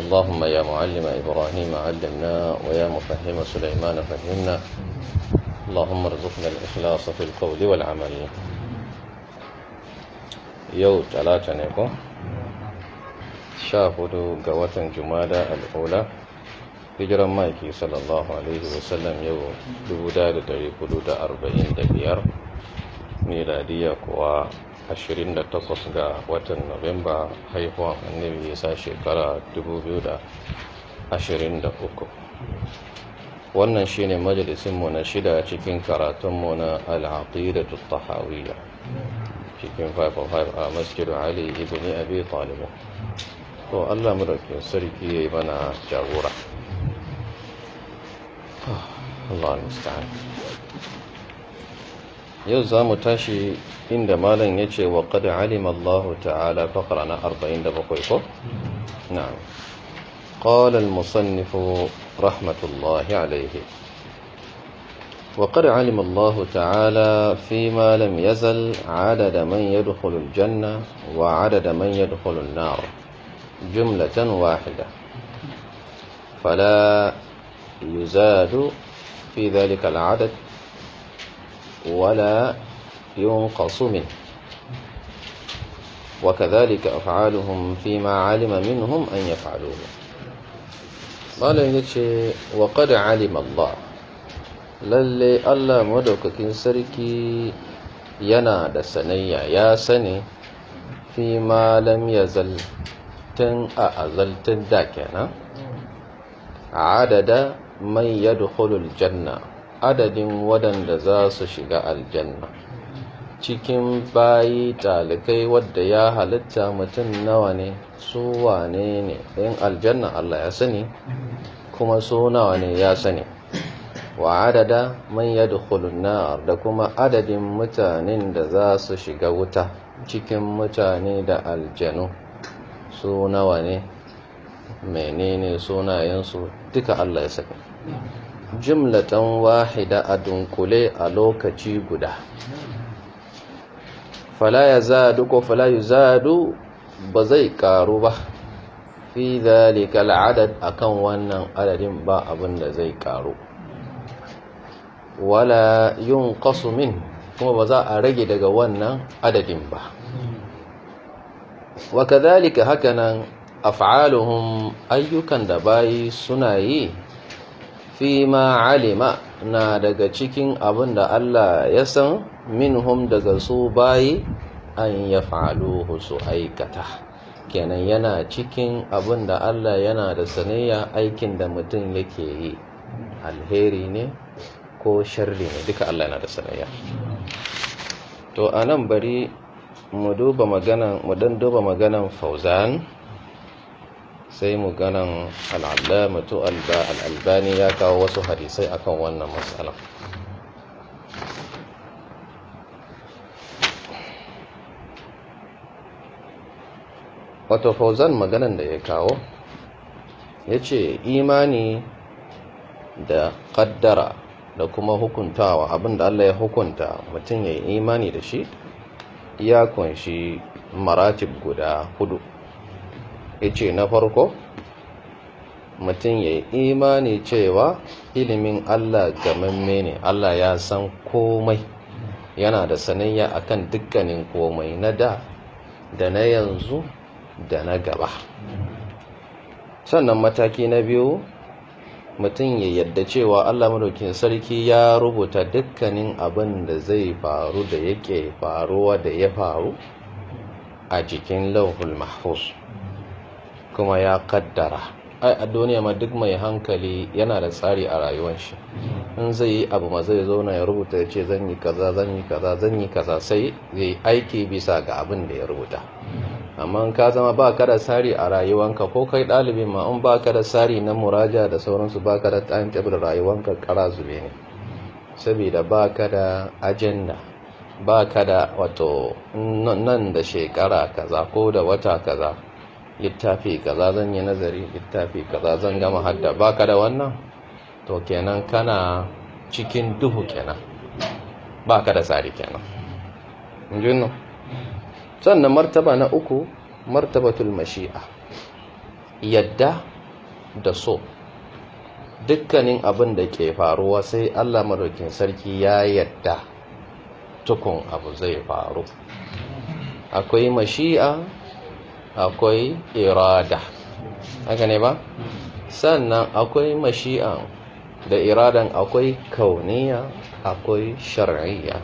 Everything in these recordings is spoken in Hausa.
اللهم يا معلم إبراهيم علمنا ويا مفهم سليمان فهمنا اللهم ارزقنا الإخلاص في القول والعمل yau talata ne ko? sha hudu ga watan jumada al'ula hijiran maiki sallallahu alaihi wasallam yau 1445 miladiya kuwa ashirin takwas ga watan Nuwamba haihuwan annabi sa shekara uku. Wannan ne majalisinmu na shida cikin karatunmu na Al'aqidatu Tahawiyya cikin 505 a Masjidu Ali ibn Abi Talibu. To Allah mu dauke sarki yi mana jagora. Allah musta'an. yau za mu tashi inda malam ya ce wa kada alimallahu ta'ala fakara na قال المصنف رحمة الله عليه وقد علم الله تعالى فيما لم يزل عدد من يدخل الجنة وعدد من يدخل النار جملة واحدة فلا يزاد في ذلك العدد ولا ينقص منه وكذلك أفعالهم فيما علم منهم أن يفعلوه قال يجي وقد علم الله للي الله مدوك كنسركي ينا دسنيا يا سني فيما لم يزل تن أأزل تن داكنا عدد من يدخل الجنة adadin waɗanda za su shiga aljanna cikin bayi talikai wadda ya halitta mutum nawa ne su wane ne in aljanna Allah ya sani kuma su nawa ne ya sani wa adada man yadkhulun da kuma adadin mutanen da za su shiga wuta cikin mutane da aljanu su nawa ne menene sunayensu duka Allah ya sani jimlatan wahida a dunkule a lokaci guda fala ya zadu ko fala ya zadu ba zai karu ba fi zalika al'adad akan wannan adadin ba abin da zai ƙaru. wala yin min kuma ba za a rage daga wannan adadin ba wa kadhalika hakanan af'aluhum ayyukan da bayi suna yi fima alima na daga cikin abin da Allah ya san min minhum daga su bayi an ya faɗo su aikata kenan yana cikin abin da Allah yana da sanayya aikin da mutum yake yi alheri ne ko sharri ne duka Allah yana da saniya to anan bari mu duba maganan mu dan duba maganan fauzan sai maganan al'allamatu al'albani ya kawo wasu hadisai akan wannan matsalan wato fauzan maganan da ya kawo ya ce imani da kaddara da kuma hukuntawa abinda Allah ya hukunta mutum ya imani da shi ya kunshi maratib guda hudu yace na farko mutum ya imani cewa ilimin Allah gamamme ne Allah ya san komai yana da sanayya akan dukkanin komai na da da na yanzu da na gaba sannan mataki na biyu mutum ya yadda cewa Allah madaukin sarki ya rubuta dukkanin abin da zai faru da yake faruwa da ya faru a jikin lauhul mahfuz kuma ya kaddara ai a duniya ma duk mai hankali yana da tsari a rayuwar shi in zai yi abu ma zai zauna ya rubuta ya ce zan yi kaza zan yi kaza zan yi kaza sai zai aiki bisa ga abin da ya rubuta amma ka zama ba ka da tsari a rayuwanka ko kai ɗalibin ma in ba ka da tsari na muraja da sauransu ba ka da timetable rayuwanka kara zube ne saboda ba ka da ajanda ba ka da wato nan da shekara kaza ko da wata kaza littafi kaza zan yi nazari littafi kaza zan gama hadda baka da wannan to kenan kana cikin duhu kenan baka da tsari kenan injin sannan martaba na uku martabatul mashi'a yadda da so dukkanin abin da ke faruwa sai Allah madaukin sarki ya yadda tukun abu zai faru akwai mashi'a akwai irada haka ne ba sannan akwai mashi'a da iradan akwai kauniya akwai shar'iyya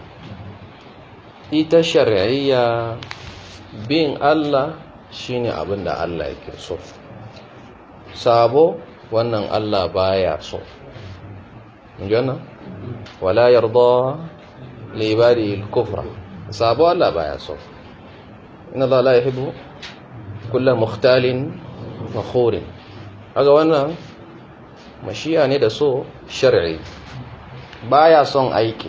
ita shar'iyya bin Allah shine abin da Allah yake so sabo wannan Allah baya so injana wala yarda li ibadi al-kufra sabo Allah baya so inna Allah la kulla mukhtalin fakhurin kaga wannan mashiya ne da so shar'i baya son aiki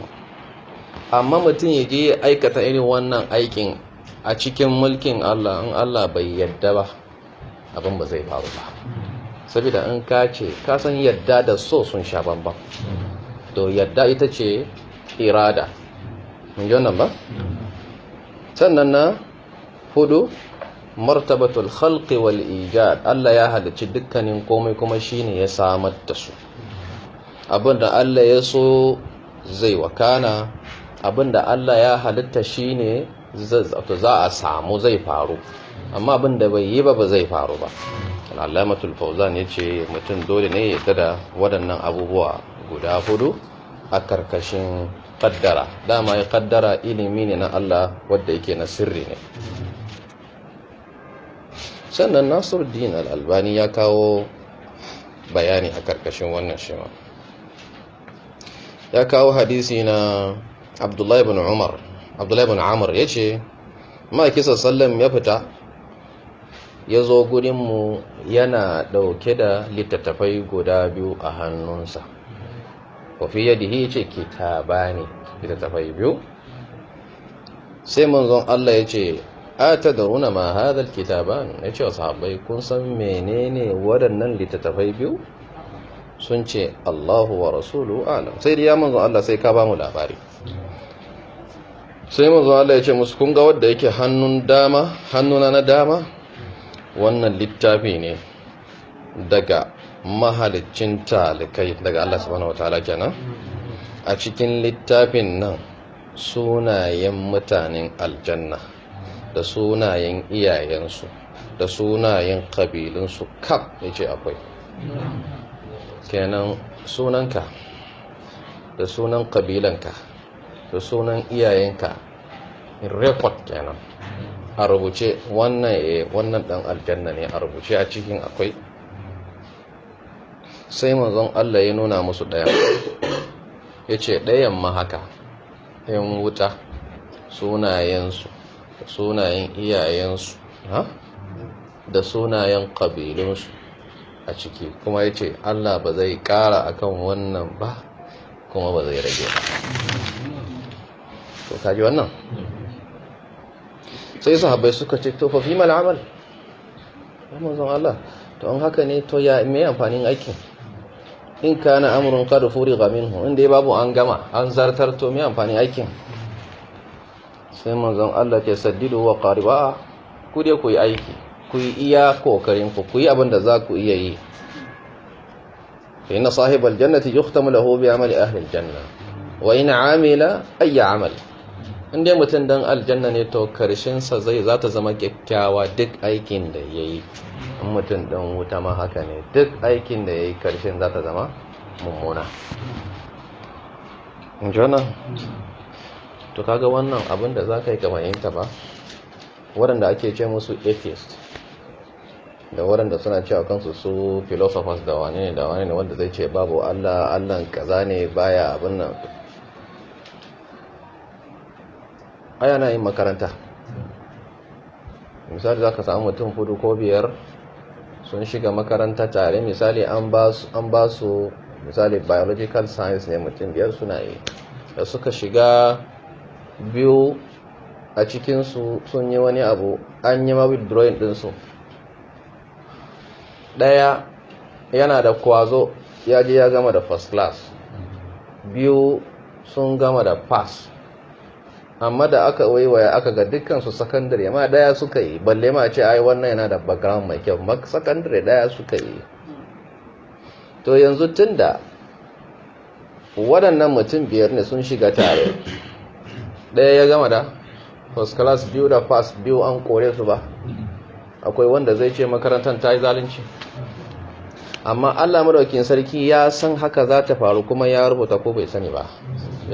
amma mutum ya je aikata irin wannan aikin a cikin mulkin Allah in Allah bai yadda ba abin ba zai faru ba saboda in ka ce ka san yadda da so sun sha bambam to yadda ita ce irada mun ji wannan ba sannan na hudu martabatul khalqi wal ijad Allah ya halicci dukkanin komai kuma shine ya samar da su abinda Allah ya so zai wakana abinda Allah ya halitta shine za a samu zai faru amma abinda bai yi ba ba zai faru ba alamatul fauzan yace mutum dole ne ya tada waɗannan abubuwa guda hudu a karkashin kaddara dama ya kaddara ilimi ne na Allah wanda yake na sirri ne sannan nasiruddin al'albani ya kawo bayani a karkashin wannan shima ya kawo hadisi na abdullahi bin umar abdullahi bin amur ya ce ma'aikisa sallam ya fita ya zo gudunmu yana ɗauke da littattafai guda biyu a hannunsa yadda yadihi ce kitaba ne littattafai biyu sai manzon Allah ya ce atadruna ma hadha alkitaban yace wa sahabbai kun san menene waɗannan littattafai biyu sun ce Allahu wa rasulu alam sai da ya manzo Allah sai ka ba mu labari sai manzo Allah ya ce musu kun ga wanda yake hannun dama hannuna na dama wannan littafi ne daga mahalicin talikai daga Allah subhanahu wataala kenan a cikin littafin nan sunayen mutanen aljanna da sunayen iyayensu da sunayen kabilinsu kaf ya ce akwai kenan sunanka da sunan ƙabilanka da sunan iyayenka in rekod kenan a rubuce wannan e wannan dan aljanna ne a rubuce a cikin akwai sai manzon Allah ya nuna musu ɗaya ya ce ɗayan ma haka ‘yan wuta sunayensu sunayen iyayensu da sunayen ƙabilunsu a ciki kuma ya ce Allah ba zai ƙara akan wannan ba kuma ba zai rage ba to kaji wannan sai haɓai suka ce to fa fi mal amazon Allah to an haka ne to ya mai amfanin aikin in ka amurin amrun qad furiga minhu inda babu an gama an zartar to mai amfanin aikin sai manzon Allah ce saddido wa qariba ku dai ku yi aiki ku yi iya kokarin ku ku yi abin da za ku iya yi inna sahibal jannati yuhtamu lahu bi amali ahli aljanna wa in amila ayya amal inda mutum dan aljanna ne to karshen sa zai zata zama kyakkyawa duk aikin da yayi in mutum dan wuta ma haka ne duk aikin da yayi karshen za ta zama mummuna in ji to kaga wannan abin da za ka yi kamayinta ba waɗanda ake ce musu atheist da waɗanda suna cewa kansu su philosophers da wane ne da wane ne wanda zai ce babu allah allan kaza ne baya abin nan aya na yin makaranta misali za ka samu mutum hudu ko biyar sun shiga makaranta tare misali an ba su misali biological science ne mutum biyar suna yi da suka shiga biyu a cikinsu sun yi wani abu an yi mawid drawing su. ɗaya yana da kwazo ya ji ya gama da first class biyu sun gama da pass amma da aka waiwaya aka ga dukkansu sakandare ma daya suka yi balle ma ce ai wannan yana da background mai kyau ma sakandare daya suka yi to yanzu tunda waɗannan mutum biyar ne sun shiga tare ɗaya ya gama da first class biyu da first biyu an kore su ba akwai wanda zai ce makarantar ta yi zalunci amma allah madaukin sarki ya san haka za ta faru kuma ya rubuta ko bai sani ba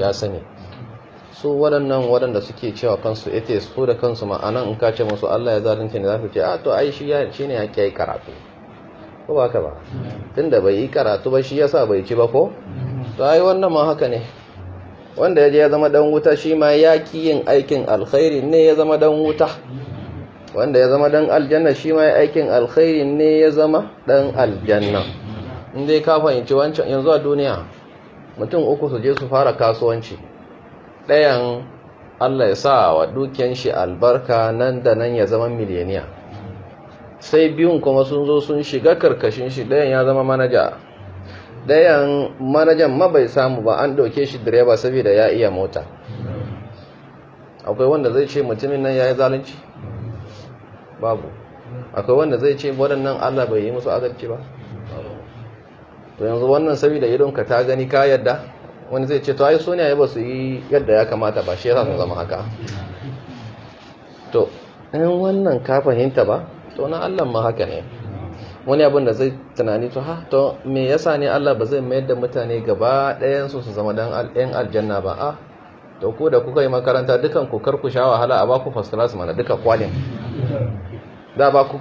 ya sani su waɗannan waɗanda suke cewa kansu ita su da kansu ma'anan in kace ce musu allah ya zalunci ne za su ce a ah, to ai shi ne ya ƙi karatu ko ba ka ba tun da bai yi karatu ba shi yasa bai ci ba ko to ai wannan ma haka ne wanda ya je ya zama dan wuta shi ma ya ki yin aikin alkhairi ne ya zama dan wuta wanda ya zama dan aljanna shi ma aikin alkhairi ne ya zama dan aljanna kafa yin ci wancan yanzu a duniya mutum uku su je su fara kasuwanci ɗayan Allah ya sa wa dukiyan shi albarka nan da nan ya zama miliyaniya sai biyun kuma sun zo sun shiga karkashin shi ɗayan ya zama manaja ɗayan manajan ma bai samu ba an ɗauke shi direba saboda ya iya mota akwai wanda zai ce mutumin nan ya yi zalunci babu akwai wanda zai ce waɗannan allah bai yi musu azalci ba to yanzu wannan saboda idonka ta gani ka yadda wani zai ce to ai soniya ya ba su yi yadda ya kamata ba shi ya sun zama haka to in wannan ka fahimta ba to na allah ma haka ne wani abin da zai tunani to ha to me yasa ne Allah ba zai mayar da mutane gaba ɗayan su su zama dan al'in aljanna ba a to ko da kuka yi makaranta dukan ku karku sha wahala a baku first class mana duka kwalin za ba ku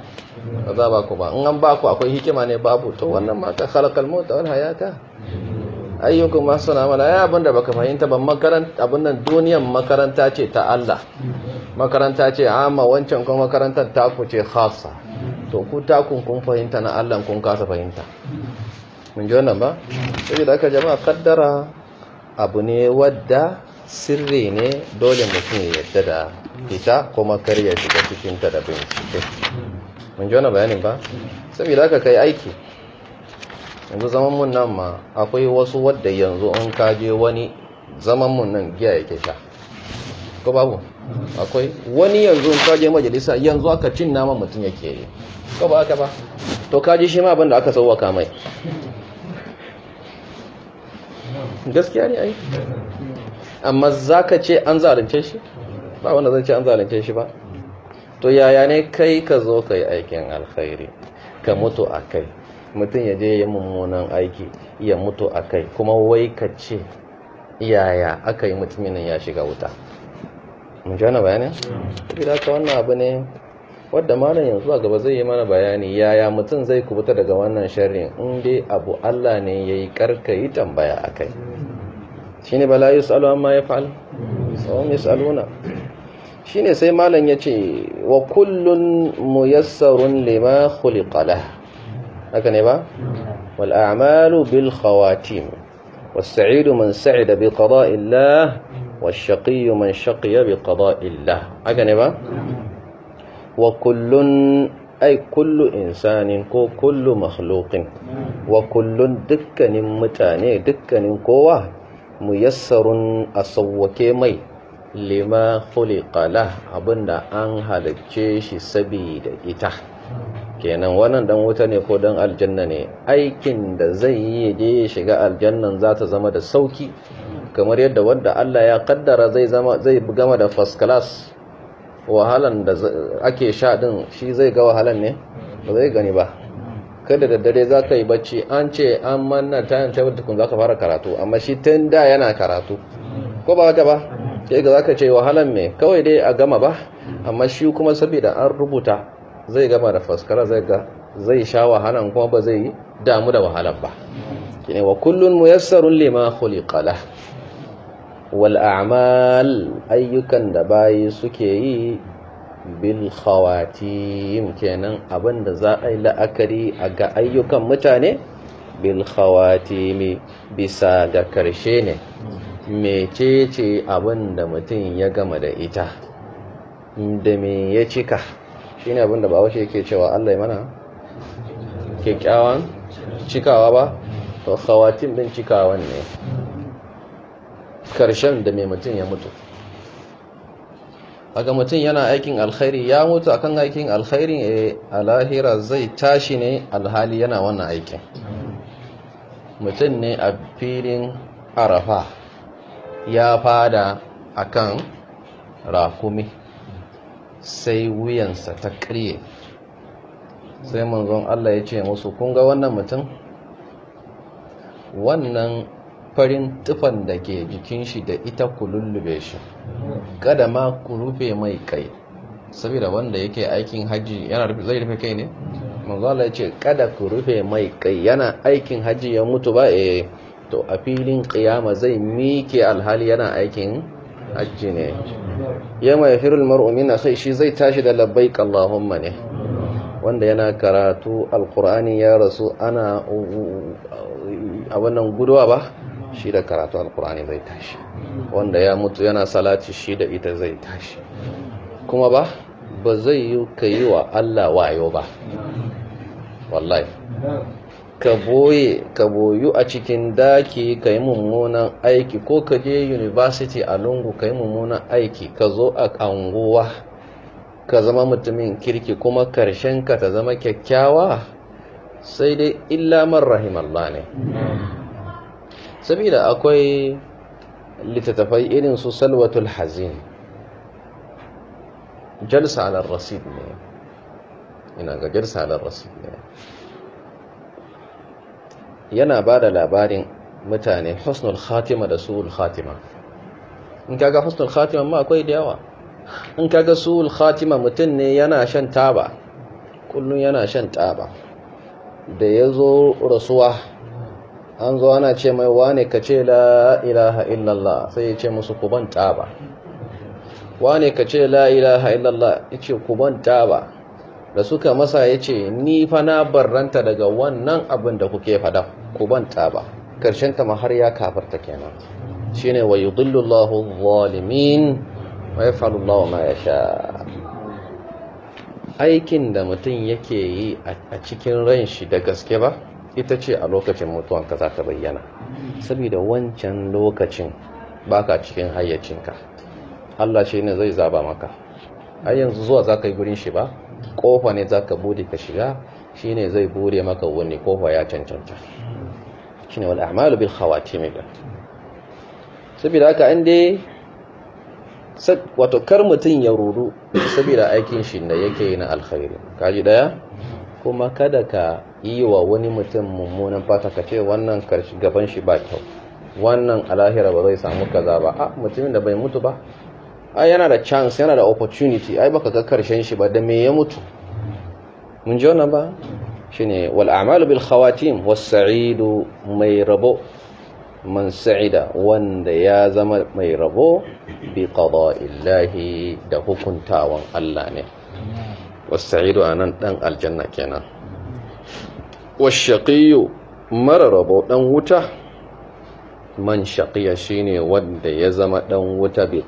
za ba ku ba in an ba ku akwai hikima ne babu to wannan ma ka khalaqal maut wal hayata ayyukum masana mala ya abinda baka fahimta ba makaranta abinnan duniyar makaranta ce ta Allah makaranta ce amma wancan kuma makarantar taku ce khassa to ku takun kun fahimta na Allah kun kasa fahimta mun ji wannan ba sai da aka jama'a kaddara abu ne wadda sirri ne dole mutum ya yadda da ita kuma kar ya shiga cikin ta da bincike mun ji wannan bayanin ba da aka kai aiki yanzu zaman mun nan ma akwai wasu wadda yanzu in ka je wani zaman mun nan giya yake sha ko babu akwai wani yanzu in ka je majalisa yanzu aka cin nama mutum yake yi ko ba aka ba to kaji shi ma abin da aka sauwaka mai gaskiya ne ai amma za ka ce an zalunce shi ba wanda zan ce an zalunce shi ba to yaya ne kai ka zo ka yi aikin alkhairi ka mutu a kai mutum ya je yi mummunan aiki ya mutu a kai kuma wai ka ce yaya aka yi mutumin ya shiga wuta mun ji wani bayanin? Hmm. ka wannan abu ne wadda malam yanzu a gaba zai yi mana bayani yaya mutum zai kubuta daga wannan sharrin in dai abu Allah ne yayi karka yi tambaya a akai ne bala yusalu amma yafal sawam yusaluna ne sai ya yace wa kullun muyassarun lima hulikala haka ne ba wal a'malu bil khawatim والسعيد من سعد بقضاء الله والشقي من شقي بقضاء الله wa kullun ai kullu insanin ko kullu makhluqin wa kullun dukkanin mutane dukkanin kowa muyassarun a sauwake mai lima khuliqala abinda an halicce shi sabida ita kenan wannan dan wuta ne ko dan aljanna ne aikin da zai yi je shiga aljannan za ta zama da sauki kamar yadda wanda Allah ya kaddara zai zai gama da first class wahalan da ake sha din shi zai ga wahalan ne ba zai gani ba kada da dare za ka yi bacci an ce an manna tayin ba tukun za ka fara karatu amma shi tun da yana karatu ko ba wata ba sai ga za ka ce wahalan mai, kawai dai a gama ba amma shi kuma saboda an rubuta zai gama da faskara zai ga zai sha wahalan kuma ba zai damu da wahalan ba kine wa kullun muyassarun lima khuliqa Wal'amal ayyukan da bayi suke yi bil khawatim kenan abinda za a yi la'akari a ga ayyukan mutane bil khawatimi bisa ga karshe ne mecece abinda mutum ya gama da ita da me ya cika Shi abin abinda ba wace yake cewa Allah ya mana kyakkyawan cikawa ba to khawatim din cikawan ne karshen da mai mutum ya mutu haka mutum yana aikin alkhairi ya mutu akan aikin alkhairi eh, a Alahira zai tashi ne alhali yana wannan aikin mutum ne a filin arafa ya fada akan rakumi sai wuyansa ta kriye sai manzon Allah ya ce musu kun ga wannan mutum wannan farin tufan da ke jikin shi da ita ku lullube shi kada ma ku rufe mai kai saboda wanda yake aikin hajji yana zai rufe kai ne manzala ce kada ku rufe mai kai yana aikin hajji ya mutu ba eh to a filin kiyama zai mike alhali yana aikin hajji ne yamma yafirul mar'u minna sai shi zai tashi da labbaik allahumma ne wanda yana karatu alqur'ani ya rasu ana a wannan guduwa ba shi da karatu alkur'ani zai tashi wanda ya mutu yana salati shi da ita zai tashi kuma ba ba zai yi ka yi wa Allah wayo ba wallahi ka boyu a cikin daki ka yi mummunan aiki ko ka je university a lungu ka yi mummunan aiki ka zo a anguwa ka zama mutumin kirki kuma karshen ka ta zama kyakkyawa sai dai illa man rahimallah ne sabida akwai littattafai irin su salwatul hazin jalsa alar rasid ne ina ga jalsa alar rasid ne yana ba da labarin mutane husnul khatima da su'ul khatima in kaga husnul khatima ma akwai da yawa in kaga su'ul khatima mutum ne yana shan taba kullum yana shan taba da ya zo rasuwa an zo ana ce mai wane ka ce la ilaha illallah sai ya ce musu kuban taba wane ka ce la ilaha illallah ya ce kuban taba da suka masa ya ce ni fa barranta daga wannan abin da kuke fada kuban taba karshen ta ma har ya kafarta kenan shine wa yudillu Allahu zalimin wa faru Allahu ma sha. aikin da mutum yake yi a cikin ran shi da gaske ba ita ce a lokacin mutuwan ka za ka bayyana saboda wancan lokacin baka cikin hayyacinka Allah shi ne zai zaba maka ai yanzu zuwa za ka yi gurin shi ba kofa ne za ka bude ka shiga shi ne zai bude maka wani kofa ya cancanta shi ne amalu bil mai gan saboda haka an dai wato kar mutum ya ruru saboda aikin shi da yake yi na alkhairi kaji daya kuma kada ka yi wa wani mutum mummunan fata ka ce wannan gaban shi ba kyau wannan alahira ba zai samu kaza ba a ah, mutumin da bai mutu ba ai yana da chance yana da opportunity ai baka ga karshen shi ba da me ya mutu mun ji wannan ba shine wal a'malu bil khawatim was sa'idu mai rabo man sa'ida wanda ya zama mai rabo bi qada'illahi da hukuntawan Allah ne was sa'idu anan dan aljanna kenan washaƙiyu mara rabo ɗan wuta man shakiya shine wanda ya zama ɗan wuta bi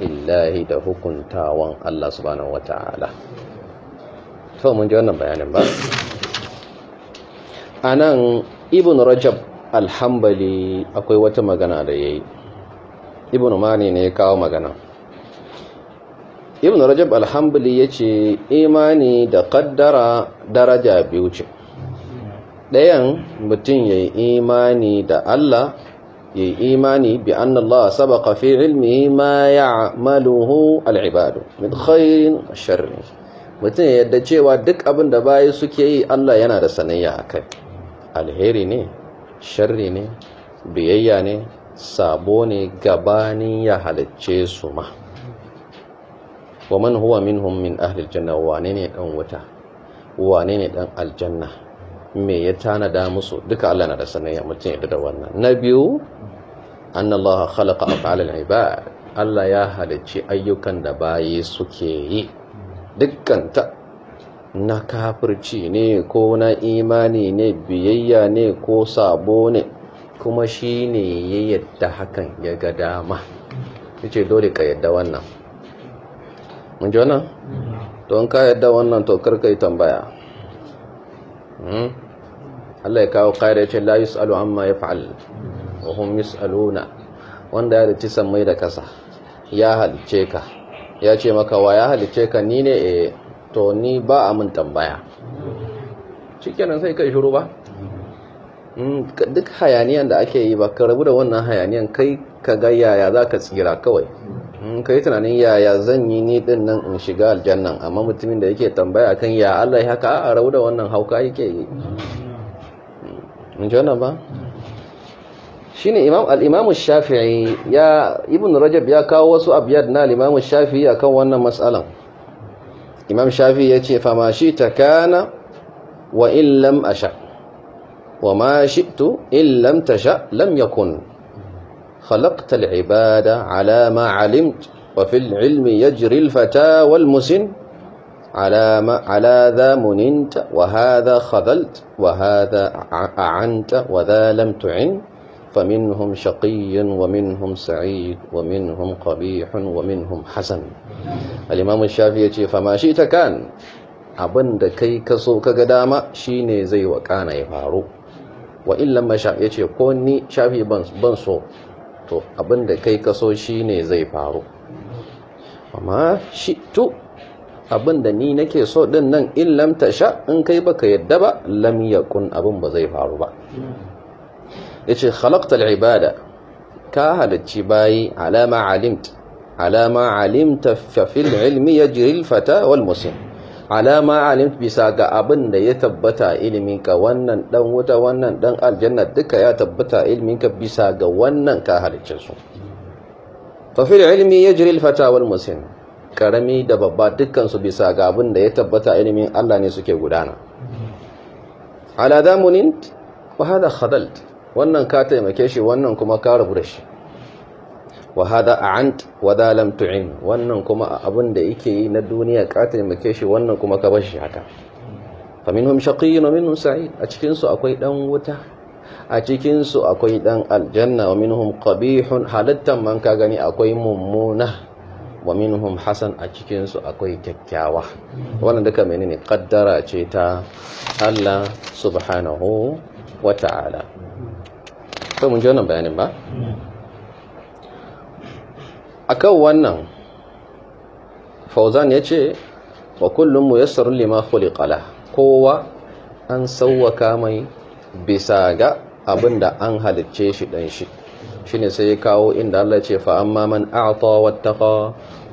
illahi da hukuntawan Allah subhanahu wata'ala to mun ji wannan bayanin ba anan ibn rajab alhambali akwai wata magana da yayi ibn mani ne ya kawo magana ibn rajab alhambali ya ce imani da kaddara daraja biyu ce ɗayan mutum ya yi imani da Allah ya yi imani bi an Allah sabaka fi ilmi ma ya maluhu al'ibadu min khairin sharri mutum ya yadda cewa duk abin da bayi suke yi Allah yana da sanayya a kai alheri ne sharri ne biyayya ne sabo ne gabanin ya halicce su ma wa man huwa minhum min ahlil janna wane ne dan wuta wane ne dan aljanna me ya tanada musu duka Allah na da sanayya mutum ya da wannan na biyu annallaha khalaqa af'alal ibad Allah ya halicci ayyukan da bayi suke yi dukkanta na kafirci ne ko na imani ne biyayya ne ko sabo ne kuma shi ne ya yadda hakan ya ga dama ce dole ka yadda wannan mun ji wannan mm-hmm. to an ka yadda wannan to karka yi tambaya Hmm? Allah ya kawo ƙari ce la yus'alu amma ya fa'al wa hum yus'aluna wanda ya rici sammai da ƙasa ya halice ka ya ce maka wa ya halice ka ni ne E, to ni ba a mun tambaya shikenan sai kai shiru ba hmm, duk hayaniyan da ake yi ba ka rabu da wannan hayaniyan kai ka ga yaya za ka tsira kawai in ka yi tunanin yaya zan yi ni din nan in shiga aljannan amma mutumin da yake tambaya akan ya Allah ya haka a rauda wannan hauka yake yi in wannan ba shine imam al-imam shafi'i ya ibn rajab ya kawo wasu abyad na al-imam shafi'i akan wannan mas'alan imam shafi'i yace fa ma shi ta kana, wa in lam asha wa ma shi tu, in lam tasha lam yakun خلقت العباد على ما علمت وفي العلم يجري الفتى والمسن على ما على ذا مننت وهذا خذلت وهذا أعنت وذا لم تعن فمنهم شقي ومنهم سعيد ومنهم قبيح ومنهم حسن الإمام الشافعي فما شئت كان أبن da كسو كقدامة شيني زي وكان يفارو وإن لما شافعي يقول wa شافعي بنصو to abinda kai kaso shi ne zai faru amma shi tu abinda ni nake so din nan in lamta sha in kai baka yadda ba lam kun abin ba zai faru ba yace khalaqtal ibada ka halarci bayi alama alimt alama alimta fa fil ilmi ya al fata wal muslim alama alim bisa ga abin da ya tabbata ka wannan dan wuta wannan dan aljanna duka ya tabbata ka bisa ga wannan ka halicce su fa fil ilmi yajri al fata wal muslim karami da babba dukkan su bisa ga abin da ya tabbata ilimin Allah ne suke gudana ala damunin wa hada khadalt wannan ka taimake shi wannan kuma ka rabu da shi wa hada a'ant wa da lam tu'in wannan kuma abin da yake yi na duniya ka taimake shi wannan kuma ka bar shi haka fa minhum shaqiyyun wa minhum sa'id a cikin su akwai dan wuta a cikin su akwai dan aljanna wa minhum qabihun halattan man ka gani akwai mummuna wa minhum hasan a cikin su akwai kyakkyawa wannan duka menene kaddara ce ta Allah subhanahu wa ta'ala sai mun ji wannan bayanin ba akan wannan fauzan ya ce wa kullum muyassarun lima khuliqala kowa an sauwaka mai bisa ga abin da an halicce shi danshi shi shine sai ya kawo inda Allah ce fa amma man a'ta wattaqa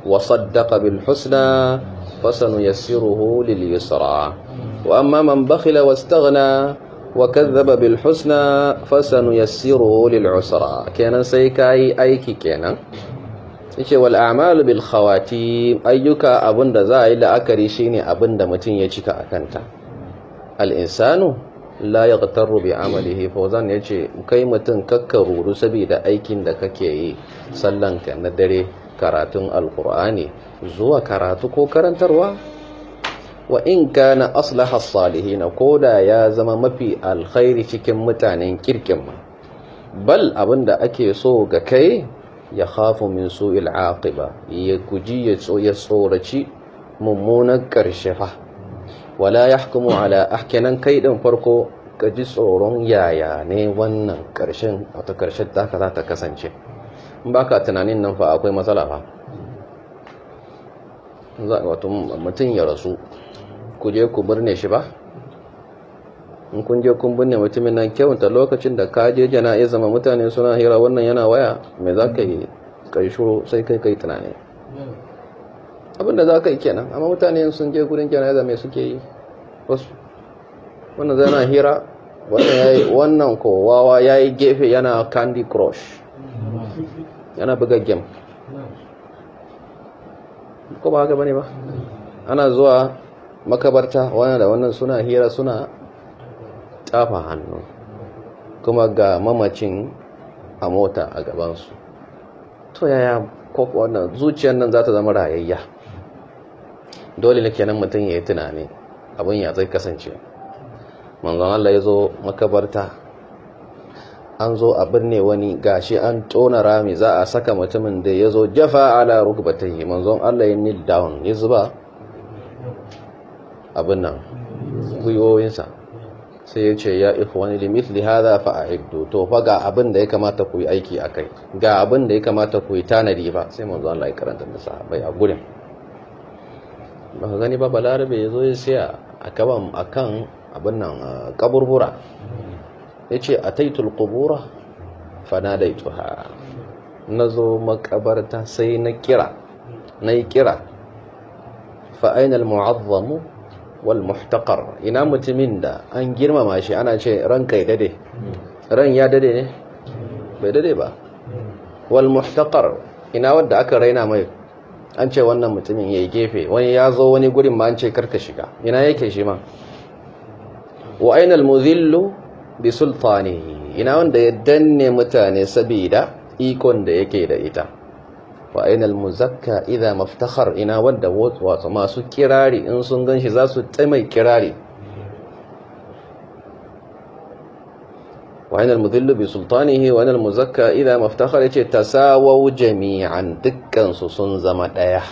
wa saddaqa bil husna fasanuyassiruhu lil yusra wa amma man bakhila wastaghna wa kazzaba bil husna fasanuyassiruhu lil usra kenan sai yi aiki kenan yace wal a'malu bil khawatim ayyuka abinda za a yi la'akari shine abinda mutum ya cika akanta al insanu la yaghtaru bi amalihi fawzan yace kai mutum kakkaruru saboda aikin da kake yi sallanka na dare karatun alqur'ani zuwa karatu ko karantarwa wa in kana aslaha salihin koda ya zama mafi alkhairi cikin mutanen kirkin ma bal abinda ake so ga kai ya khafu min su'il aqiba ya guji ya tsoraci mummunan karshe fa wala yahkumu ala ahkanan kai din farko ka ji tsoron yaya ne wannan ƙarshen wata ƙarshen ta ka za ta kasance in baka tunanin nan fa akwai matsala fa wato mutum ya rasu ku je ku birne shi ba in kun je kun binne mutumin nan kyauta lokacin da ka je jana'iza ma mutane suna hira wannan yana waya me za ka yi kai shuru sai kai kai tunani abinda za ka yi kenan amma mutane sun je gudun jana'iza me suke yi wasu wannan zana hira wannan ko wawa yi gefe yana candy crush yana buga game ko ba haka bane ba ana zuwa makabarta wannan da wannan suna hira suna shafa hannu kuma ga mamacin a mota a gabansu to yaya ko wannan zuciyar nan za ta zama rayayya dole ne kenan mutum ya yi tunani abin ya zai kasance manzon Allah ya zo makabarta an zo a birne wani gashi an tona rami za a saka mutumin da ya zo jafa ala rukbatai manzon Allah ya kneel down ya zuba abin nan gwiwoyinsa sai ya ce ya ikhwani limithli hadha fa'iddu to fa ga abin da ya kamata ku yi aiki akai ga abin da ya kamata ku yi tanadi ba sai manzo Allah ya karanta da sahabbai a gurin ba ka gani ba balarabe ya zo ya siya akan akan abin nan kaburbura yace ataitul qubura fanadaituha nazo makabarta sai na kira yi kira fa aina al mu'azzamu wal muhtaqar ina mutumin da an girmama shi ana ce ran kai dade ran ya dade ne bai dade ba wal muhtaqar ina wanda aka raina mai an ce wannan mutumin yayi gefe wani ya zo wani gurin ma an ce karka shiga ina yake shi ma wa aina al muzillu bi sultani ina wanda ya danne mutane sabida ikon da yake da ita wa ainal muzakka idza maftakhar ina wanda wato masu kirari in sun ganshi za su tsaimai kirari wa ainal mudhillu bi sultanihi wa ainal muzakka idza maftakhar yace tasawaw jami'an dukkan su sun zama daya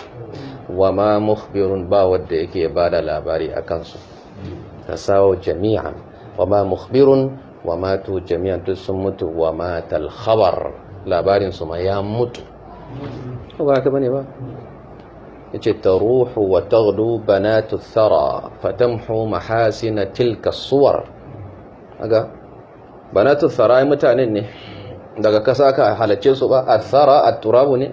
wa ma mukhbirun ba wanda yake ba da labari akan su tasawaw jami'an wa ma mukhbirun wa ma tu jami'an duk sun mutu wa matal khabar labarin su ma ya mutu ba haka bane ba yace taruhu wa taghdu banatu thara fatamhu mahasina tilka suwar aga banatu thara mutanen ne daga kasa ka halacce su ba athara at-turabu ne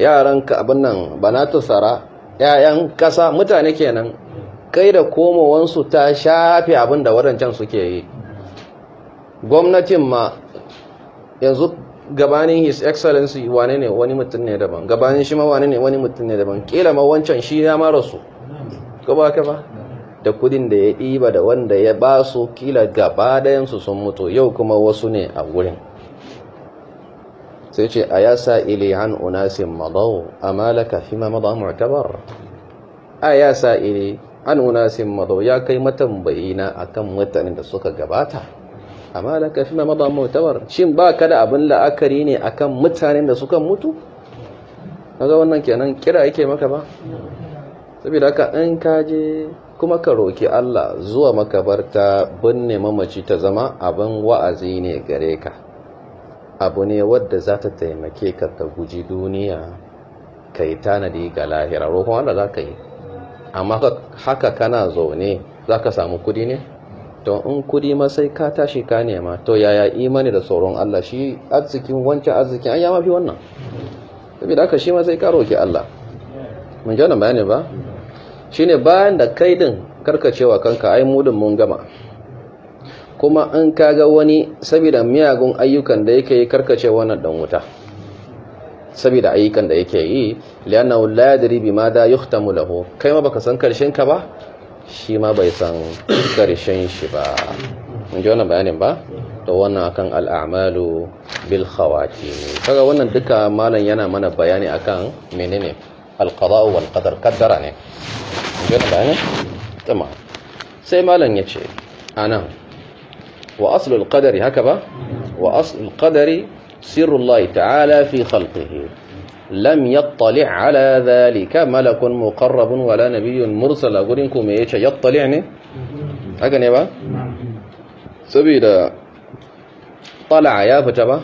yaran ka abin nan banatu tsara yayan kasa mutane kenan kai da komowansu ta shafi abin da wadancan suke yi gwamnatin ma yanzu gabanin his excellency wane ne wani mutum ne daban gabanin shi ma wane ne wani mutum ne daban kila ma wancan shi ya mara su gaba ka ba da kudin da ya ɗiba da wanda ya ba su kila gaba dayansu sun mutu yau kuma wasu ne a wurin sai ce a ya sa ile an unasin madau a malaka fi ma martabar a ya sa ile an unasin madau ya kai matambayi na akan mutanen da suka gabata amma ka fi ma madan shin ba ka da abin la'akari ne akan mutanen da suka mutu ga wannan kenan kira yake maka ba saboda haka in ka je kuma ka roƙi Allah zuwa makabarta binne mamaci ta zama abin wa'azi ne gare ka abu ne wadda za ta taimake ka ta guji duniya ka yi tanadi ga lahira roƙon wanda za ka yi amma haka kana zaune za ka samu kudi ne to in kudi ma sai ka tashi ka nema to yaya imani da tsoron Allah shi arzikin wancan arzikin an ya mafi wannan saboda haka shi ma sai ka roki Allah mun ji wannan bayani ba shine bayan da kai din karkacewa kanka ai mudin mun gama kuma in kaga wani saboda miyagun ayyukan da yake yi karkace wannan dan wuta saboda ayyukan da yake yi li'annahu la yadri bima da yuhtamu lahu kai ma baka san karshen ka ba shi ma bai san ƙarshen shi ba in ji wannan bayanin ba da wannan akan al'amalu bil khawati kaga wannan duka malam yana mana bayani akan menene alqada wal qadar kaddara ne in ji wannan bayanin tama sai malam yace anan wa aslul qadari haka ba wa aslul qadari sirrullahi ta'ala fi khalqihi لم يطلع على ذلك ملك مقرب ولا نبي مرسل غورينكم ايش يطلع يعني اغني با سبيدا طلع يا فتبا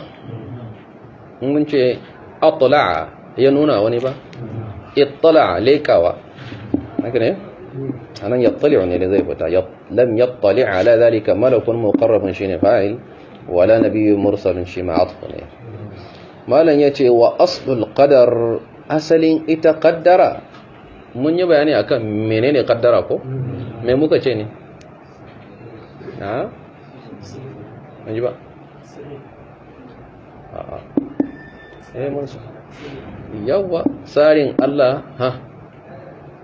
منجي اطلع هي نونا وني با اطلع ليكا وا اغني انا يطلع يعني زي فتا لم يطلع على ذلك ملك مقرب شنو فاعل ولا نبي مرسل شنو عطفني malam ya ce wa aslul qadar asalin ita qaddara mun yi bayani akan menene qaddara ko me muka ce ne ha ji ba a eh mun so yawa tsarin Allah ha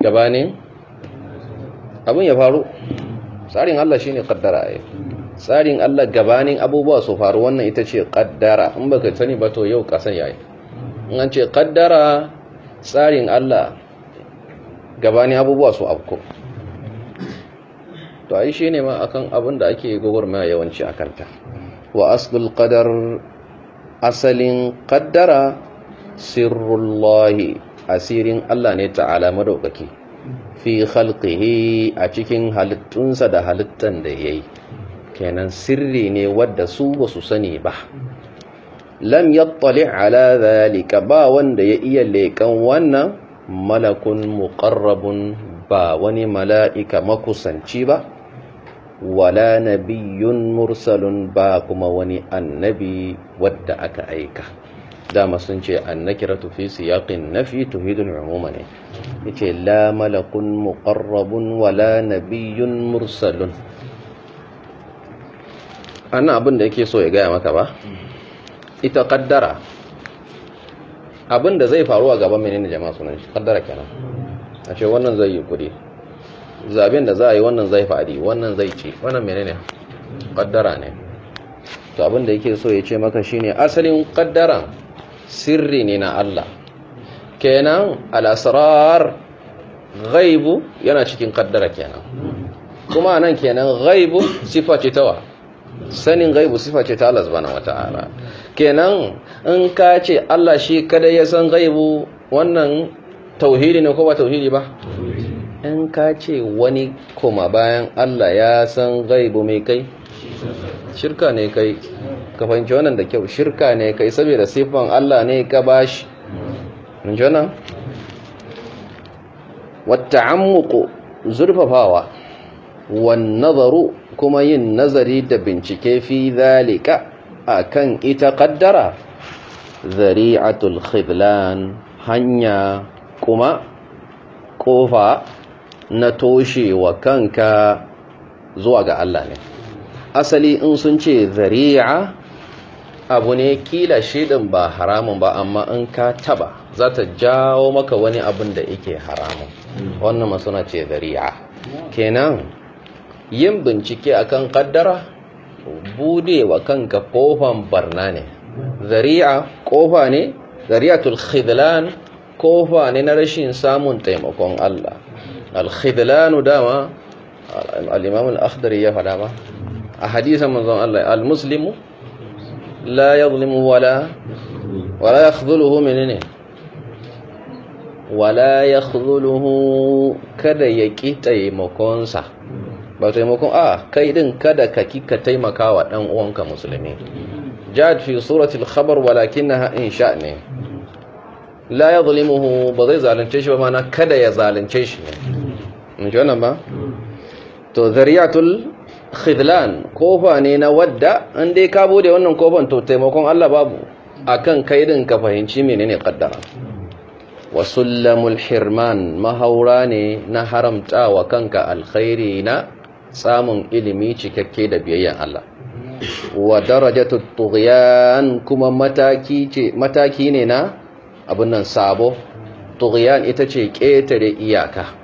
gabanin abin ya faru tsarin Allah shine qaddara ai eh. tsarin Allah gabanin abubuwa su faru wannan ita ce ƙaddara. in ka sani ba to yau kasan yi. in an ce ƙaddara tsarin Allah gabanin abubuwa su afko to ai ne ma akan abin da ake gogorma yawanci a ta wa aslul ƙadar asalin ƙaddara sirrullahi asirin Allah ne ta'ala madaukaki fi khalqihi a cikin halittunsa da halittan da yayi kenan sirri ne wadda su ba su sani ba lam yattali ala zalika ba wanda ya iya leƙan wannan malakun muqarrabun ba wani mala'ika makusanci ba wala nabiyyun mursalun ba kuma wani annabi wadda aka aika dama sun ce annakiratu fi siyaqin nafi tuhidul umuma ne yace la malakun muqarrabun wala nabiyyun mursalun annan abin da yake so ya gaya maka ba ita kaddara abin da zai faru a gaban menene jama'a sunan shi kaddara kenan a ce wannan zai yi kudi zaben da za a yi wannan zai fadi wannan zai ci wannan menene kaddara ne to abin da yake so ya ce maka shine asalin kaddaran sirri ne na Allah kenan al-asrar ghaibu yana cikin kaddara kenan kuma nan kenan ghaibu sifa ce tawa sanin gaibu sifa ce ta Allah subhanahu wata'ala kenan in ka ce Allah shi kada ya san gaibu wannan tauhidi ne ko ba tauhidi ba in ka ce wani koma bayan Allah ya san gaibu mai kai shirka ne kai ka fahimci wannan da kyau shirka ne kai saboda sifan Allah ne ka bashi mun ji wannan wata zurfafawa wan nazaru kuma yin nazari da bincike fi zalika kan ita kaddara zari'atul khidlan hanya kuma kofa na toshe wa kanka zuwa ga Allah ne asali in sun ce zari'a abu ne kila shidin ba haramun ba amma in ka taba za ta jawo maka wani abin da ike haramun wannan na ce zari'a kenan yin bincike akan kaddara bude wa kanka ƙofan barna ne zari'a kofa ne zari'atul khidlan kofa ne na rashin samun taimakon Allah al-khidlanu dama al-imam al-akhdari ya faɗa ba a hadisan manzon Allah al-muslimu la yadhlimu wala wala yakhdhuluhu minne wala yakhdhuluhu kada yaki taimakonsa ba taimakon a ah, kai din kada ka kika taimaka wa dan uwanka musulmi jad fi surati al-khabar walakinaha insha ne la yadhlimuhu ba zai zalunce shi ba mana kada ya zalunce shi ne in ji wannan ba to zariyatul khidlan kofa ne na wadda An dai ka bude wannan kofan to taimakon Allah babu akan kai din ka fahimci menene kaddara wa sullamul hirman mahaura ne na haramta wa kanka alkhairi na samun ilimi cikakke da biyayyan Allah wa darajatu tughyan kuma mataki ce mataki ne na abin nan sabo tughyan ita ce ƙetare iyaka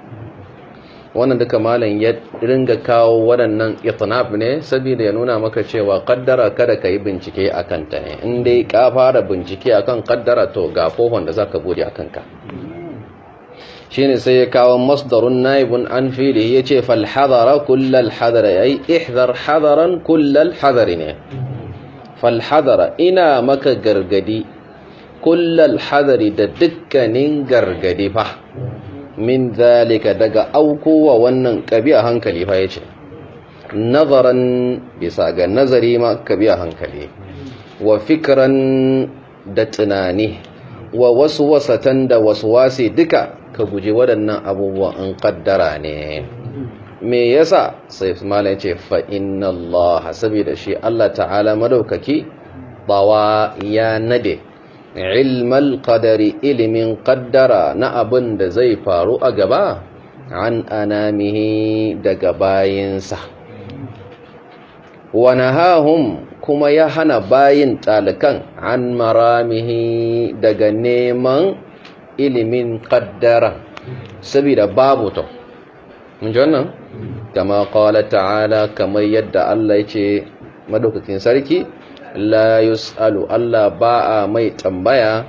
wannan duka malam ya ringa kawo waɗannan itnab ne saboda ya nuna maka cewa kaddara kada ka yi bincike akan ta ne in dai ka fara bincike akan kaddara to ga fofon da zaka bude akan ka shine sai ya kawo masdarun naibun an fili yace fal hadara kullal hadara ai ihdar hadaran kullal hadari ne fal ina maka gargadi kullal hadari da dukkanin gargadi fa min zalika daga aukowa wannan kabi a hankali fa ce. nazaran bisa ga nazari ma kabi a hankali wa fikiran da tunani wa wasu wasatan da wasu wasi duka ka guji waɗannan abubuwan an ƙaddara ne me yasa sai mala ya ce fa inna Allah saboda shi Allah ta'ala madaukaki bawa ya nade ilmal qadari ilimin qaddara na abin da zai faru a gaba an anamihi daga bayinsa wa nahahum kuma ya hana bayin talikan an maramihi daga neman ilimin ƙaddara saboda babu to mun wannan kama qala ta'ala kamar yadda Allah yace madaukakin sarki la yusalu Allah ba a mai tambaya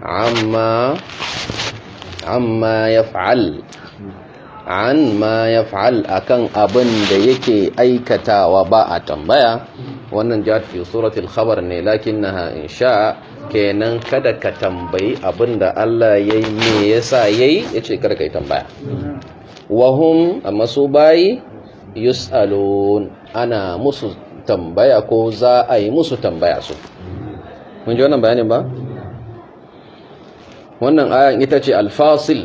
amma amma yaf'al an ma ya fa'al abin da yake aikatawa ba a tambaya wannan jihar suratul khabar ne lakin na sha. kenan kada ka tambayi abinda Allah ya yi me yasa ya ce kada ka yi tambaya wahum amma su bayi yus'alun ana musu tambaya ko za a yi musu tambaya su mun ji wannan bayanin ba wannan ayan ita ce alfasil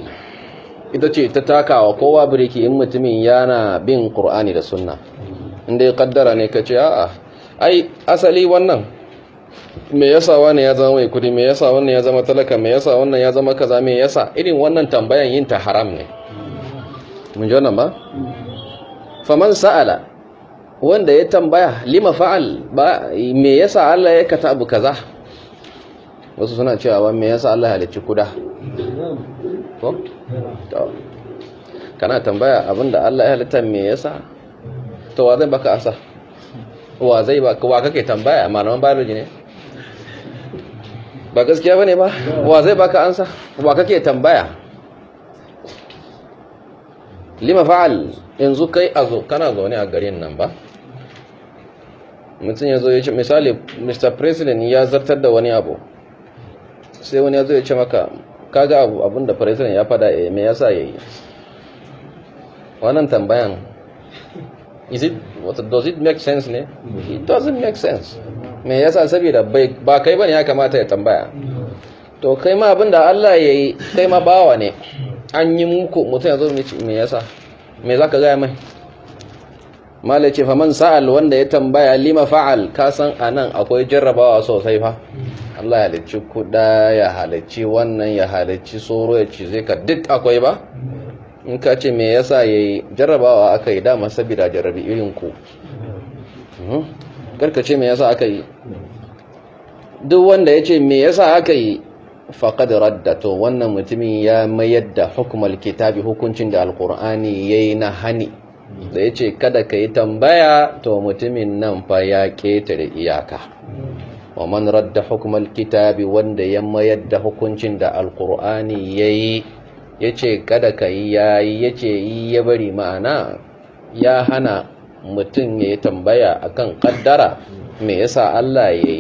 ita ce ta takawa kowa biriki in mutumin yana bin ƙur'ani da sunna inda ya kaddara ne kace a'a ai asali wannan me yasa wani ya zama mai kudi me yasa wannan ya zama talaka me yasa wannan ya zama kaza me yasa irin wannan tambayan yin ta haram ne mun ji wannan ba faman sa'ala wanda ya tambaya lima fa'al ba me yasa Allah ya kata abu kaza wasu suna cewa me yasa Allah ya halicci kuda ko kana tambaya abinda Allah ya halitta me yasa to wa zai baka asa wa zai baka wa kake tambaya malaman biology ne ba gaskiya ba ne ba wa zai baka ansa wa kake tambaya lima fa'al yanzu kai zo kana zaune a garin nan ba mutum ya zo ya ce misali mr president ya zartar da wani abu sai wani ya zo ya ce maka kaga abu abin da president ya fada eh, ya me yasa ya yi? wannan tambayan is it what does it make sense ne it doesn't make sense me yasa saboda ba kai bane ya kamata ya tambaya to kai ma abinda Allah ya yi kai ma bawa ne an yi muku mutum ya zo me yasa mai za ka gaya mai mala ce faman sa'al wanda ya tambaya lima fa'al kasan a nan akwai jarrabawa sosai fa Allah ya halicci kuda ya halicci wannan ya halicci tsoro ya ci zai ka duk akwai ba in ka ce me yasa ya yi jarrabawa aka yi dama sabida jarrabi irin ku hmm? karkace me yasa aka yi duk wanda ya ce me yasa aka yi faƙad raddato wannan mutumin ya mayar da hukumar kitabi hukuncin da alkur'ani ya yi na hani da ya ce kada ka yi tambaya to mutumin nan fa ya ƙetare iyaka wa man radda hukumar kitabi wanda ya mayar da hukuncin da alkur'ani ya yi ya ce kada ka yi ya yi ya ce yi ya bari ma'ana ya hana mutum ya yi tambaya akan kaddara me yasa Allah ya yi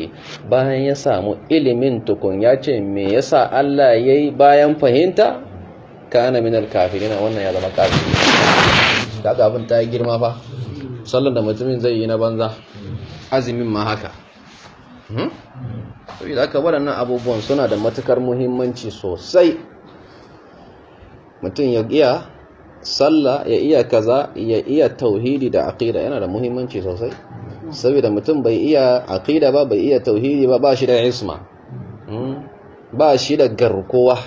bayan ya samu ilimin tukun ya ce me yasa Allah ya yi bayan fahimta kana minar kafirina wannan ya zama kafiri kaga abin ta yi girma ba? sallar da mutumin zai yi na banza azumin ma haka hmm? da haka waɗannan abubuwan suna da matukar muhimmanci sosai mutum ya giya sallah ya iya kaza ya iya tauhidi da aqida yana da muhimmanci sosai saboda mutum bai iya aqida ba bai iya tauhidi ba ba shi da isma hmm? ba shi da garkuwa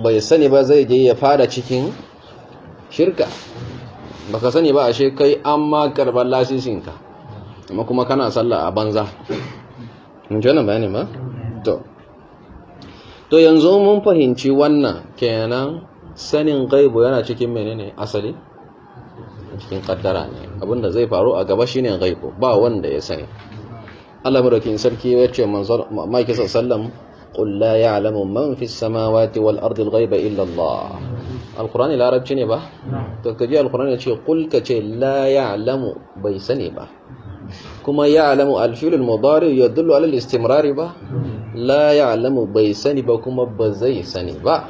bai sani ba zai je ya fada cikin shirka baka sani ba ashe kai an ma karbar lasisinka amma kuma kana sallah a banza mun ji wannan bayani ba to to yanzu mun fahimci wannan kenan sanin gaibu yana cikin menene asali cikin kaddara ne abinda zai faru a gaba shine gaibu ba wanda ya sani Allah madaukin sarki ya ce manzon Maki sallam qul la ya'lamu man fis samawati wal ardi al ghaiba illa Allah alqur'ani larabci ne ba to kaji alqur'ani ya ce qul ka ce la ya'lamu bai sani ba kuma ya'lamu al-fi'l al-mudari yadullu ala al-istimrar ba la ya'lamu bai sani ba kuma ba zai sani ba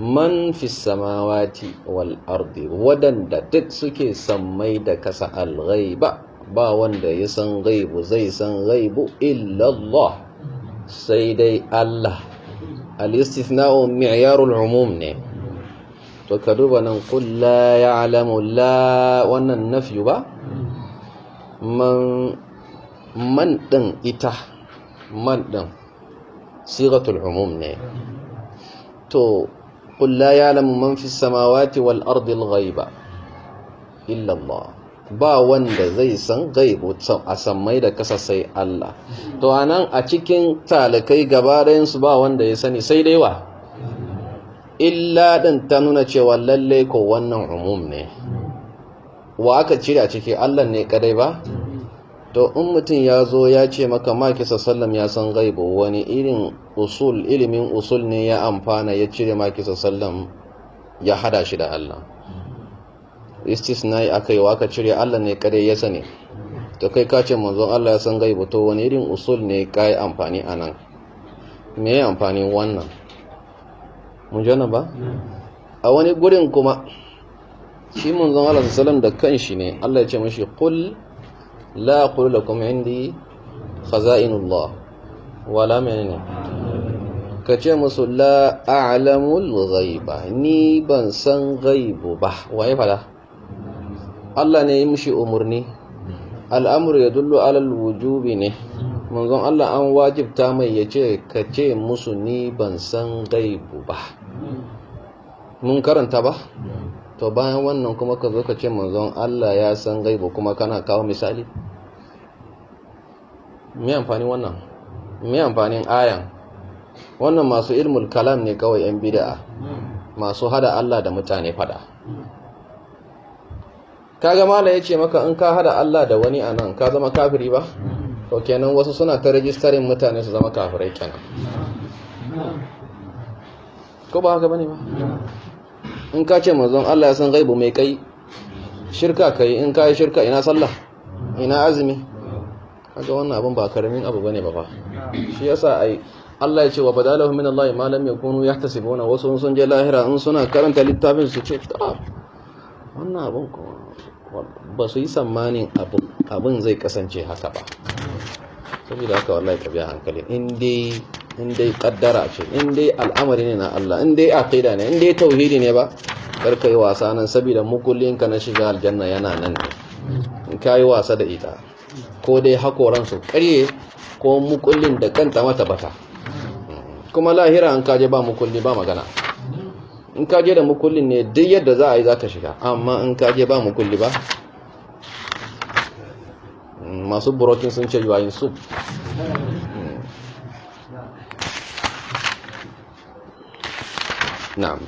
man fi samawati wal ardi wadanda duk suke sammai da kasa al ba wanda ya san ghaibu zai san ghaibu illa Allah sai dai Allah al-istithna'u mi'yarul umum ne to ka duba nan qul la ya'lamu la wannan nafyu ba man man din ita man din sigatul umum ne to قل لا يعلم من في السماوات والأرض الغيب إلا الله ba wanda zai san gaibu a sammai da kasa sai Allah to anan a cikin talakai gabaɗayan su ba wanda ya sani sai dai wa illa din ta nuna cewa lalle ko wannan umum ne wa aka cire a ciki Allah ne kadai ba to in mutum ya zo ya ce maka makisa sallam ya san gaibu wani irin usul ilimin usul ne ya amfana ya cire makisa sallam ya hada shi da Allah yi aka yi waka cire Allah ne kadai ya sani to kai ka ce manzon Allah ya san gaibu to wani irin usul ne ka yi amfani a nan? me ya amfani wannan mun ba a wani gurin kuma shi manzon Allah sallam da kanshi ne Allah ya ce mashi qul la aqulu lakum indi khaza'inullah wala menene ka ce musu la a'lamul ghaiba ni ban san ghaibu ba waye fada Allah ne ya mishi umurni al'amur ya dullu alal wujubi ne manzon Allah an wajibta mai ya ce ka ce musu ni ban san gaibu ba mun karanta ba to bayan wannan kuma ka zo ka ce manzon Allah ya san gaibu kuma kana kawo misali me amfani wannan me amfanin ayan wannan masu ilmul kalam ne kawai yan bid'a masu hada Allah da mutane fada kaga mala yace maka in ka hada Allah da wani anan ka zama kafiri ba to kenan wasu suna ta rijistarin mutane su zama kafirai kenan ko ba haka bane ba in ka ce manzon Allah ya san gaibu mai kai shirka kai in ka yi shirka ina sallah ina azumi kaga wannan abin ba karamin abu bane ba ba. shi yasa ai Allah ya ce wa badalahu min Allah ma lam yakunu yahtasibuna wasu sun je lahira in suna karanta littafin su ce wannan abin ba su yi tsammanin abin zai kasance haka ba saboda haka wallahi ka biya hankali in dai in dai kaddara ce in dai al'amari ne na Allah in dai aqida ne in dai tauhidi ne ba karka yi wasa nan saboda mukullin ka na shiga aljanna yana nan ne, in ka yi wasa da ita ko dai hakoran su karye ko mukullin da kanta mata bata kuma lahira an kaje ba mukulli ba magana in kaje da mukullin ne duk yadda za a yi za ka shiga amma in kaje ba mukulli ba masu burokin sun ce yayin su na'am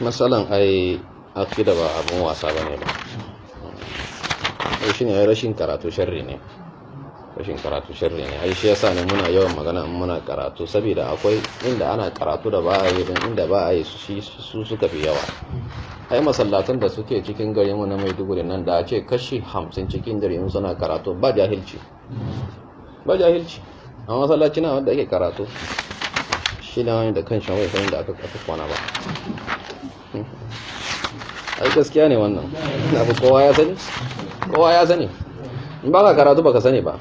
matsalan ai akida ba abin wasa ba ne ba Ai ne ai rashin karatu sharri ne rashin karatu sharri ne ai shi yasa ne muna yawan magana in muna karatu saboda akwai inda ana karatu da ba a yi din inda ba a yi su suka fi yawa ai masallatan da suke cikin garin mu na Maiduguri nan da ce kashi 50 cikin dare in suna karatu ba jahilci ba jahilci a masallaci na wanda ake karatu shi da wani da kan shan wai da aka kwana ba ai gaskiya ne wannan abu kowa ya sani kowa ya sani in ba ka karatu ba ka sani ba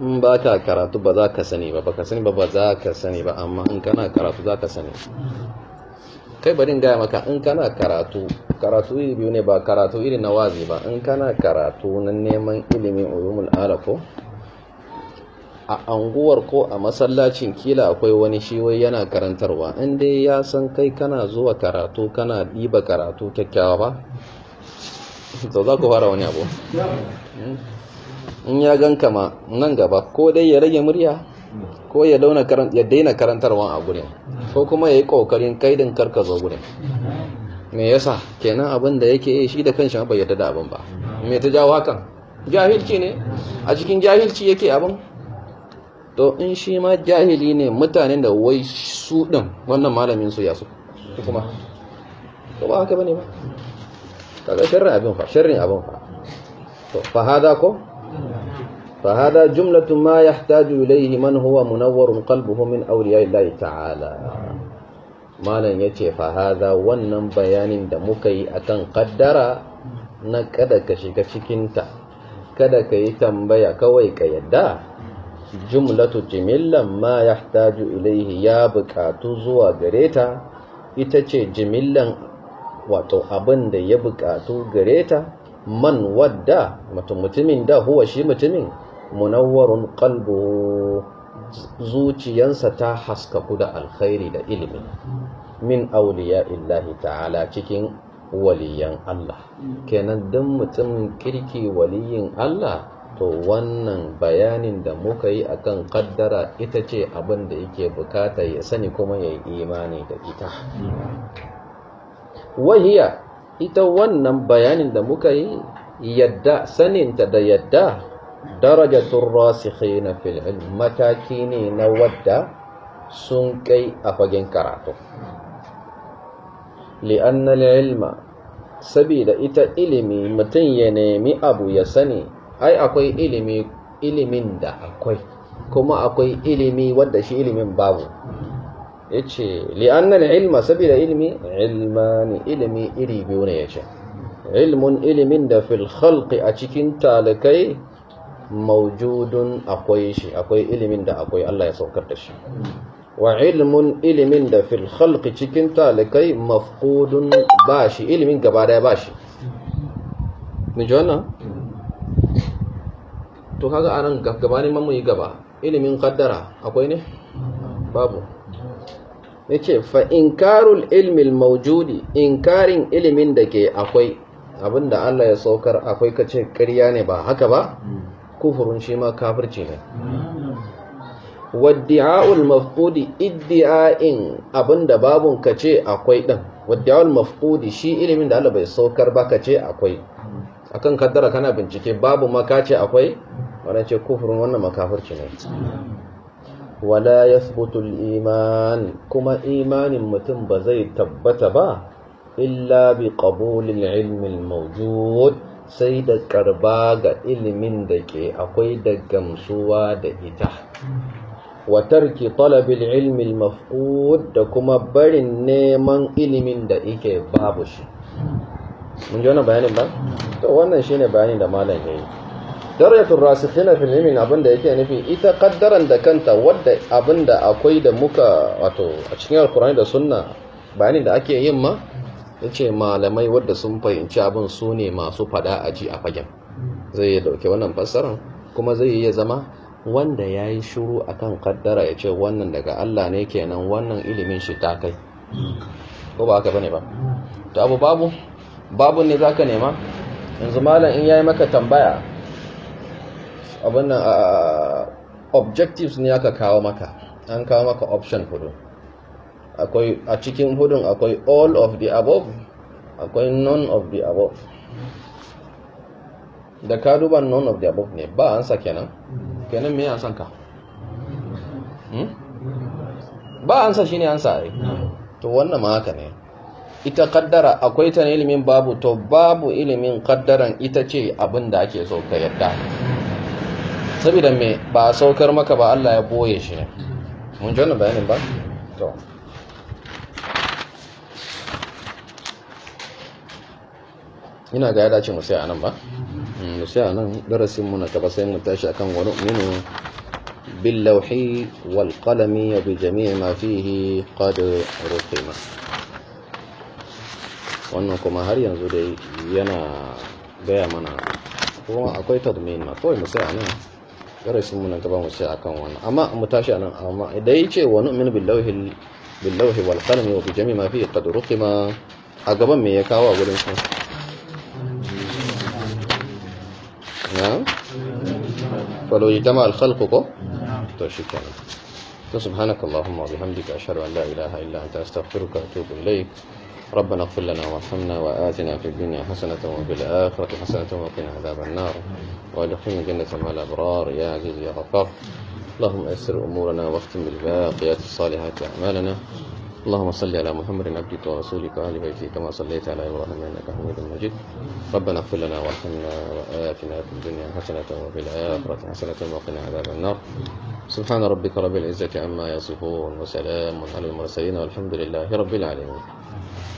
in ba ka karatu ba za ka sani ba ba ka sani ba ba za ka sani ba amma in kana karatu za ka sani kai ba in gaya maka in kana karatu karatu iri biyu ne ba karatu iri na wazi ba in kana karatu na neman ilimin ulumul alako a anguwar ko a masallacin kila akwai wani shi wai yana karantarwa in dai ya san kai kana zuwa karatu kana ɗiba karatu kyakkyawa ba to za ku fara wani abu in ya gan kama nan gaba ko dai ya rage murya ko ya daina karantarwa a gure ko kuma ya yi ƙoƙarin kaidin karka zo gure me yasa kenan abin da yake yi shi da kanshi bai yarda da abin ba me ta jawo hakan jahilci ne a cikin jahilci yake abin to in shi ma jahili ne mutanen da wai su ɗin wannan malamin su ya su kuma ko ba haka bane ba kaga sharrin abin fa sharrin abin fa to fa hada ko fa hada jumlatu ma yahtaju ilayhi man huwa munawwarun qalbuhu min awliya'illahi ta'ala malam yace fa hada wannan bayanin da muka yi akan kaddara na kada ka shiga cikin ta kada ka yi tambaya kawai ka yadda jumlatu jimillan ma ya taju ilaihi ya bukatu zuwa gare ta ita ce jimillan wato abin da ya bukatu gare ta man wadda mutumin da huwa shi mutumin munawwarun qalbu zuciyansa ta haskaku da alkhairi da ilimi min auliya illahi ta'ala cikin waliyan Allah kenan dan mutumin kirki waliyin Allah to wannan bayanin da muka yi akan kaddara ita ce abin da yake bukata ya sani kuma ya yi imani da ita wahiya ita wannan bayanin da muka yi yadda saninta da yadda darajatun rasikhina fil ilm mataki ne na wadda sun kai a fagen karatu li'anna ilma sabida ita ilimi mutum ya nemi abu ya sani ai akwai ilimi ilimin da akwai kuma akwai ilimi wanda shi ilimin babu yace li'anna ilma sabida ilmi ilmani ilimi iri biyu ne yace ilmun ilimin da fil khalqi a cikin talakai mawjudun akwai shi akwai ilimin da akwai Allah ya saukar da shi wa ilmun ilimin da fil khalqi cikin talakai mafqudun ba shi ilimin gaba daya ba shi mun ji wannan to kaga anan gabanin mamu yi gaba ilimin kaddara akwai ne babu yace fa inkarul ilmi almawjudi inkarin ilimin da ke akwai abinda Allah ya saukar akwai kace ƙarya ne ba haka ba kufurun shi ma kafirci ne waddi'a'ul mafqudi iddi'a'in abinda babun kace akwai din waddi'a'ul mafqudi shi ilimin da Allah bai saukar ba kace akwai akan kaddara kana bincike babu ma kace akwai wannan ce kufurin wannan makafirci ne wala ya iman kuma imanin mutum ba zai tabbata ba illa bi ƙabulin ilmin maujud sai da karba ga ilimin da ke akwai da gamsuwa da ita wa tarki talabin al da kuma barin neman ilimin da ike babu shi mun ji wannan bayanin ba to wannan shi ne bayanin da malam ya yi. darajatul rasikhina fil ilmi abinda yake nufi ita kaddaran da kanta wadda abin da akwai da muka wato a cikin alkurani da sunna bayanin da ake yin ma yace malamai wadda sun fahimci abin su ne masu fada a ji a fagen zai yi dauke wannan fassarar kuma zai iya zama wanda ya yi shuru akan kaddara ya ce wannan daga Allah ne kenan wannan ilimin shi ta kai ko ba haka bane ba to abu babu babu ne zaka nema yanzu malam in yayi maka tambaya abinnan a objectives ne aka kawo maka an kawo maka option hudu akwai a cikin hudun akwai all of the above akwai none of the above da ka duba none of the above ne ba ansa kenan kenan me ansan ka hmm? ba ansa shine ansa ai to wannan ma haka ne ita kaddara akwai ta ilimin babu to babu ilimin kaddaran ita ce abin da ake so ka yadda saboda mai ba a saukar maka ba Allah ya boye shi ne mun ji wannan bayanin ba to ina ga ya dace mu sai anan ba mm, mu sai anan darasin mu na gaba sai mu tashi akan wani minu bil wal qalami wa bi jami'i ma fihi qad ruqima wannan kuma har yanzu da yana gaya mana kuma akwai tadmin ma kawai mu sai anan darasin mu nan gaba mu sai akan wannan amma mu tashi anan amma idan yace wa nu'minu billahi billahi wal qalami wa bi jami ma fihi qad ruqima a gaban me ya kawo a gurin sa na falo ma al khalqu ko to shi kenan to subhanakallahumma wa bihamdika ashhadu an la ilaha illa anta astaghfiruka wa atubu ilayk ربنا اغفر لنا وارحمنا وآتنا في الدنيا حسنة وفي الآخرة حسنة وقنا عذاب النار وادخلنا الجنة مع الأبرار يا عزيز يا غفار اللهم يسر أمورنا واختم بالباقيات الصالحات أعمالنا اللهم صل على محمد عبدك ورسولك وآل بيته كما صليت على إبراهيم إنك حميد مجيد ربنا اغفر لنا وارحمنا وآتنا في الدنيا حسنة وفي الآخرة حسنة وقنا عذاب النار سبحان ربك رب العزة عما يصفون وسلام على المرسلين والحمد لله رب العالمين